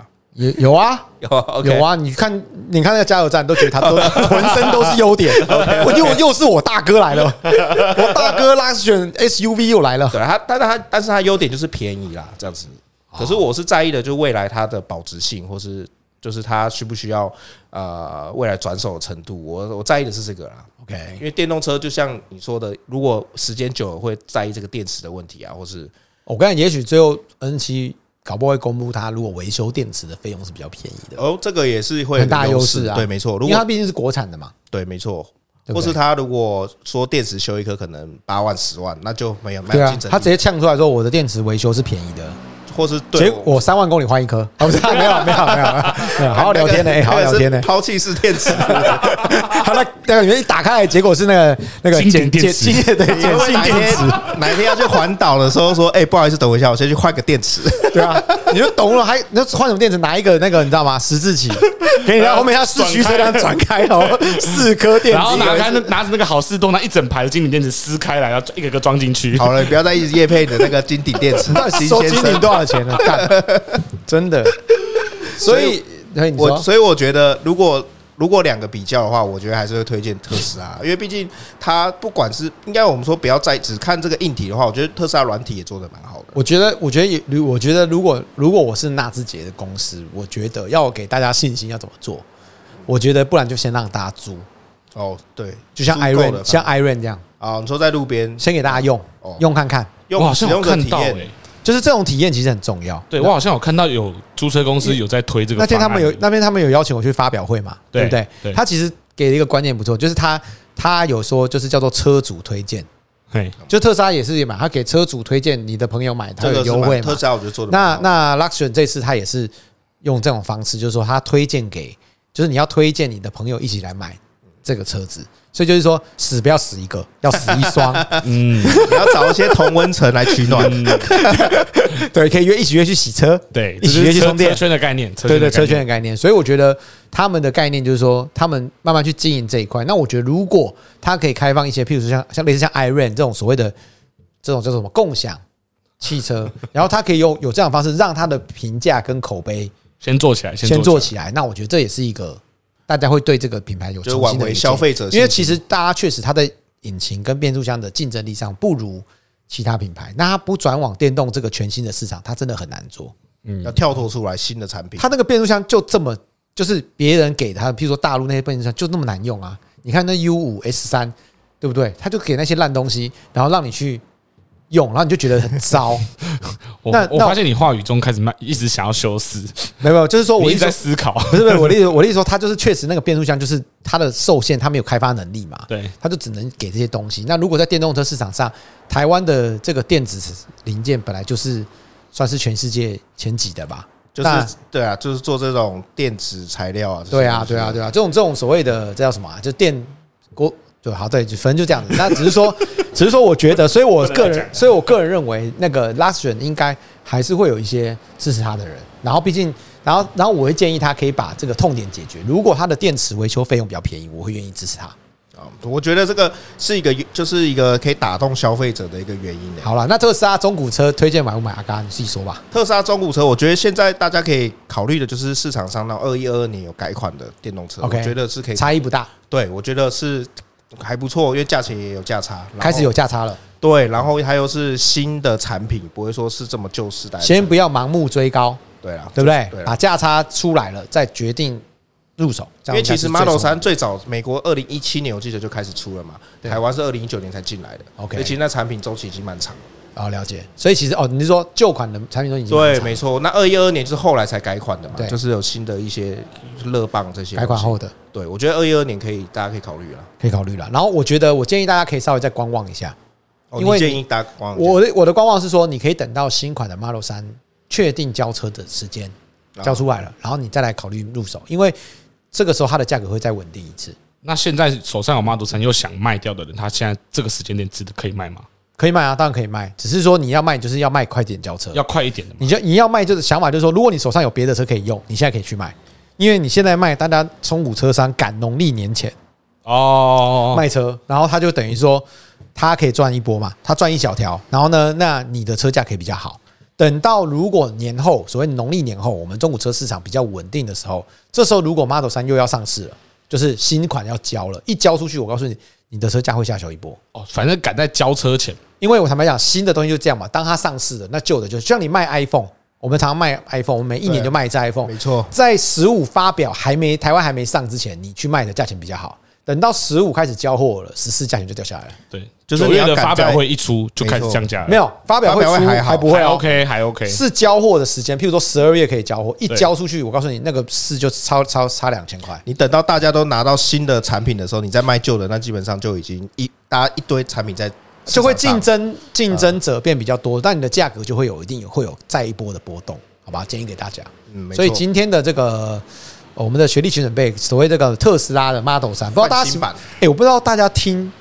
有啊， <laughs> 有啊、okay，有啊。你看，你看那個加油站都覺得他都渾 <laughs> 身都是優點。 <laughs> okay, okay. 又又是我大哥來了， <laughs> 我大哥拉選 SUV 又來了。對啊，但是他，但他但是他優點就是便宜啦，這樣子。可是我是在意的，就是未來它的保值性，或是就是它需不需要呃未來轉手的程度，我我在意的是這個啦。OK，因為電動車就像你說的，如果時間久了會在意這個電池的問題啊，或是我、哦、剛才也許最後 N 七搞不好公布它，如果維修電池的費用是比較便宜的，哦，這個也是會很大優勢啊。對，沒錯，因為它畢竟是國產的嘛。對，沒錯，或是它如果說電池修一顆可能八萬十萬，那就沒有,沒有競爭力了。對啊，他直接嗆出來說我的電池維修是便宜的。或是對，結果我三萬公里換一顆，哦，沒有沒有沒有，好好聊天呢、欸欸，好好聊天呢。拋棄式電池、欸，好了，等原你打開來，結果是那個那個鹼性電池。鹼性電池。哪，哪一天要去環島的時候，說，哎，不好意思，等我一下，我先去換個電池。對啊，你就懂了，還，你要換什麼電池？拿一個那個你知道嗎？十字起。給你，然後後面他四驅車輛轉開，然後四顆電池，嗯、然後拿開拿着那個好市多，拿一整排的金頂電池撕開來，然後一個個裝進去。好了，不要再一直業配你的那個金頂電池，說精品多。真的，所以，我所以我覺得，如果如果兩個比較的話，我覺得還是會推薦特斯拉，因為畢竟它不管是應該我們說不要再只看這個硬體的話，我覺得特斯拉軟體也做得蠻好的。我覺得，我覺得，如我覺得，如果如果我是納智捷的公司，我覺得要我給大家信心要怎麼做，我覺得不然就先讓大家租哦，對，就像 iRent 像 iRent 這樣啊，你說在路邊先給大家用用看看，用哇使用體看體驗。就是這種體驗其實很重要對。對，我好像有看到有租車公司有在推這個。那天他們有那邊他們有邀請我去發表會嘛？對，對不對？對他其實給了一個觀念不錯，就是他他有說就是叫做車主推薦。嘿，就特斯拉也是也買，他給車主推薦你的朋友買他的優惠，這個。特斯拉我覺得做的，的。那那 Luxion 這次他也是用這種方式，就是說他推薦給，就是你要推薦你的朋友一起來買這個車子，所以就是說死不要死一個，要死一雙 <laughs> 嗯，你要找一些同溫層來取暖。 <laughs> 嗯、 <laughs> 對，可以約一起約去洗車，對，一起約去充電。車圈的概念，對對，車圈的概念。所以我覺得他們的概念就是說，他們慢慢去經營這一塊。那我覺得，如果他可以開放一些，譬如說像像類似像 iRent 這種所謂的這種叫什麼共享汽車，然後他可以用有，有這樣的方式讓他的評價跟口碑先做起來，先做起來。那我覺得這也是一個。大家會對這個品牌有，就挽回消費者，因為其實大家確實它，的引擎跟變速箱的競爭力上不如其他品牌，那它不轉往電動這個全新的市場，它真的很難做。嗯，要跳脫出來新的產品，它那個變速箱就這麼，就是別人給它，譬如說大陸那些變速箱就那麼難用啊！你看那 U 五 S 三，對不對？他就給那些爛東西，然後讓你去。用，然後你就覺得很糟 <laughs> 那。那我，我發現你話語中開始慢，一直想要修飾。沒有，沒有，就是說我說一直在思考。不是不是，我意思，我意思說，他就是確實那個變速箱，就是它的受限，它沒有開發能力嘛。對，他就只能給這些東西。那如果在電動車市場上，台灣的這個電子零件本來就是算是全世界前幾的吧？就是對啊，就是做這種電子材料啊，啊。對啊，對啊，對啊，這種這種所謂的這叫什麼啊？就電鍋。對，好對，反正就這樣子。那 <laughs> 只是說，只是說，我覺得，所以我個人，所以我個人認為，那個 Lastron 應該還是會有一些支持他的人。然後，畢竟，然後，然後，我會建議他可以把這個痛點解決。如果他的電池維修費用比較便宜，我會願意支持他。啊，我覺得這個是一個，就是一個可以打動消費者的一個原因。好了，那特斯拉中古車推薦買不買？買阿嘎，你自己說吧。特斯拉中古車，我覺得現在大家可以考慮的，就是市場上那二一二二年有改款的電動車。Okay, 我覺得是可以，差異不大。對，我覺得是。還不錯，因為價錢也有價差，開始有價差了。對，然後還有是新的產品，不會說是這麼舊世代。先不要盲目追高，對了，對不對？對，把價差出來了再決定入手，因為其實 Model 3最早美國二零一七年我記得就開始出了嘛，對，台灣是二零一九年才進來的。OK，所以其實那產品周期已經蠻長。啊、哦，了解。所以其實哦，你是說舊款的產品都已經對，沒錯。那二一二年就是後來才改款的嘛，就是有新的一些熱棒這些改款後的。對，我覺得二一二年可以，大家可以考慮了，可以考慮了。然後我覺得我建議大家可以稍微再觀望一下，因為建議大家觀望。我我的觀望是說，你可以等到新款的 Model 3確定交車的時間交出來了，然後你再來考慮入手，因為這個時候它的價格會再穩定一次。那現在手上有 Model 3又想賣掉的人，他現在這個時間點值得可以賣嗎？可以賣啊，當然可以賣。只是說你要賣，就是要賣快點交車，要快一點的。你就你要賣，就是想法就是說，如果你手上有別的車可以用，你現在可以去賣，因為你現在賣，大家中古車商趕農曆年前哦賣車，然後他就等於說他可以賺一波嘛，他賺一小條。然後呢，那你的車價可以比較好。等到如果年後，所謂農曆年後，我們中古車市場比較穩定的時候，這時候如果 Model 3又要上市了，就是新款要交了，一交出去，我告訴你。你的車價會下調一波哦，反正趕在交車前，因為我坦白講，新的東西就這樣嘛，當它上市了，那舊的就，就像你賣 iPhone，我們常常賣 iPhone，我們每一年就賣一支 iPhone。沒錯，在十五發表還沒台灣還沒上之前，你去賣的價錢比較好。等到十五開始交貨了，十四價錢就掉下來了。對，就是。你要改，發表會一出就開始降價了。沒有發表會還不會還 OK，還 OK。是交貨的時間，譬如說十二月可以交貨，一交出去，我告訴你，那個四就超超差兩千塊。你等到大家都拿到新的產品的時候，你再賣舊的，那基本上就已經一大家一堆產品在、嗯、就會競爭，競爭者變比較多，但你的價格就會有一定會有再一波的波動，好吧？建議給大家。嗯，所以今天的這個。Oh, 我們的學弟請準備，所謂這個特斯拉的 Model 3，不知道大家哎，我不知道大家聽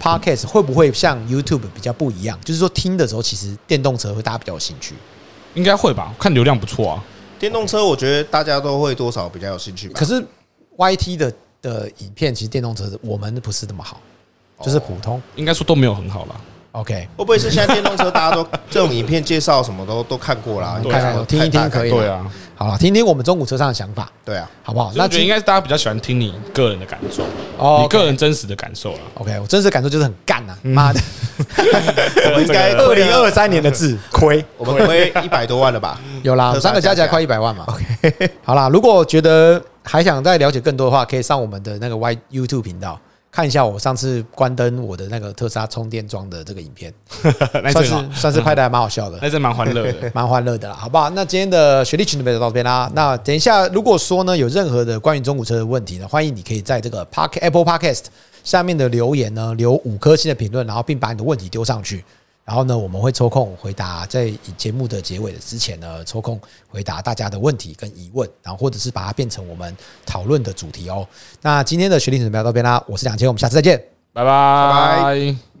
Podcast 會不會像 YouTube 比較不一樣？就是說，聽的時候，其實電動車會大家比較有興趣，應該會吧？看流量不錯啊。電動車，我覺得大家都會多少比較有興趣吧。可是 YT 的的影片，其實電動車我們不是那麼好，就是普通，哦、應該說都沒有很好了。OK，會不會是現在電動車大家都這種影片介紹什麼都 <laughs> 都看過啦看看啊，okay，聽一聽可以對啊。好啦聽一聽我們中古車上的想法。對啊，好不好？那覺得應該是大家比較喜歡聽你個人的感受，哦 okay、你個人真實的感受啊。OK，我真實的感受就是很幹吶、啊，媽、嗯、的， <laughs> 應該的！我們應該二零二三年的字虧，我們虧一百多萬了吧？有啦，三個加起來快一百萬嘛。OK，、嗯、 <laughs> 好啦，如果覺得還想再了解更多的話，可以上我們的那個 Y YouTube 頻道。看一下我上次關燈我的那個特斯拉充電樁的這個影片，算是算是拍的還蠻好笑的， <laughs> 還是蠻歡樂的， <laughs> 蠻歡樂的啦，好不好？那今天的學弟請準備的節目到這邊啦。那等一下，如果說呢，有任何的關於中古車的問題呢，歡迎你可以在這個 Park Apple Podcast 下面的留言呢，留五顆星的評論，然後並把你的問題丟上去。然後呢，我們會抽空回答，在節目的結尾之前呢，抽空回答大家的問題跟疑問，然後或者是把它變成我們討論的主題哦。那今天的學弟請準備到這邊啦，我是兩千，我們下次再見，拜拜。Bye bye